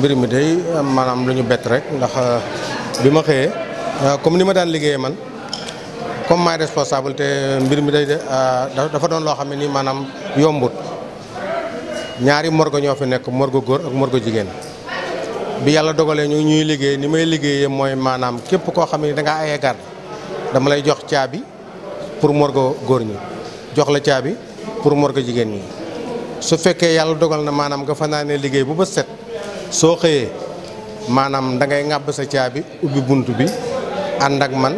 mbir mi day maanaam lu ñu bett rek ndax euh, bi ma xëyee euh, comme ni ma daan liggéeyee man comme maay responsable te mbir mi day euh, dafa doon loo xam ne nii maanaam yombut ñaari morgo ñoo fi nekk morgue góor ak morgue jigéen bi yàlla dogalee ñu ñuy liggéey ni may liggéeyee mooy maanaam képp koo xam ni da ngaa aye garde dama lay jox caabi pour morgue góor ñi jox la caabi pour morgue jigéen ñi su fekkee yàlla dogal na maanaam nga fanaanee liggéey bu ba set. so xeye manam da ngay ngab sa caabi ubi buntu bi ànd ak man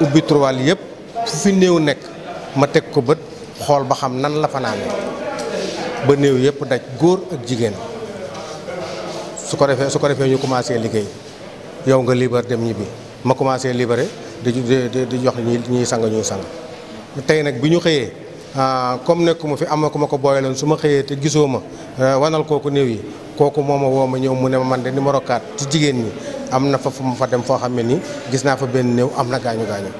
ubi turwaal yëpp fu fi new nek ma tek ko beut xol ba xam nan la fanaane ba new yëpp daj gor ak jigen su ko defé su ko defé ñu commencé liggéey yow nga libar dem ñibi ma commencé libéré di di jox ñi ñi sang ñu sang tay nak biñu xeye ah comme nekuma fi amako mako boyalon suma xeye te gisoma eh, wanal koku new yi kooku moo ma woo ma ñëw mu ne ma man de numéro 4 ci jigéen ñi am na fa fu ma fa dem foo xam ne nii gis naa fa benn néew am na gaañu gaañu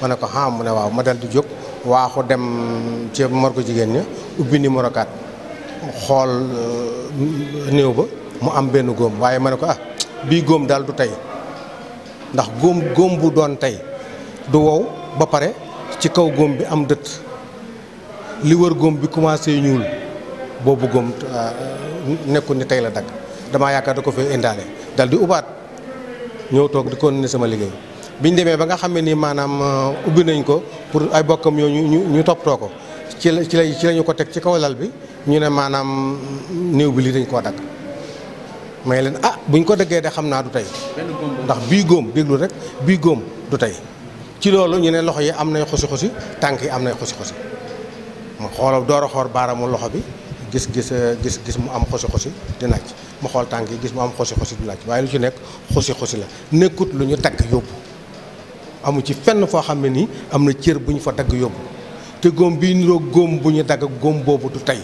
ma ne ko ah mu ne waaw ma dal di jóg waaxu dem ci morgue jigéen ña ubbi numéro 4 xool euh, néew ba mu am benn góom waaye ma ne ko ah bii góom daal du tey ndax góom góom bu doon tey du wow ba pare ci kaw góom bi am dëtt li wër góom bi commencé ñuul. boo bëggoon euh, nekkul ni tey la dagg damaa yaakaar da ko fee indaale dal di ubaat ñëw toog di continuer sama liggéey biñ demee ba nga xam ne nii maanaam euh, ubbi nañ ko pour ay bokkam yooyu ñu ñu toppatoo ko ci la ci la ci la ko teg ci kaw lal bi ñu ne maanaam néew bi lii dañ koo dagg may leen ah buñ ko dëggee de xam naa du tey ndax bii góom déglu rek bii góom du tey ci loolu ñu ne loxo yi am nay xosi xosi tànk yi am nay xosi xosi mu xoolal door a xoor baaraamu loxo bi gis gis gis gis mu am xosi xosi dina ci ma xol tanki gis mu am xosi xosi dina ci waaye lu ci nek xosi xosi la nekut luñu ñu yob amu ci fenn fo xamni ne nii am na fa dagg yob te gom bi niroo góom bu ñu dagg góom boobu du tey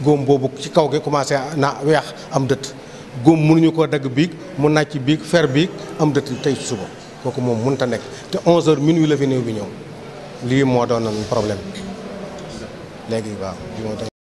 góom boobu ci kaw gi commencé na wex am deut gom mënuñu ko dagg biig mu nacc biig fer biig am dëtt tey suba kooku mom munta nek te 11h minuit la fi néew bi ñëw lii moo doonoon problème léegi waaw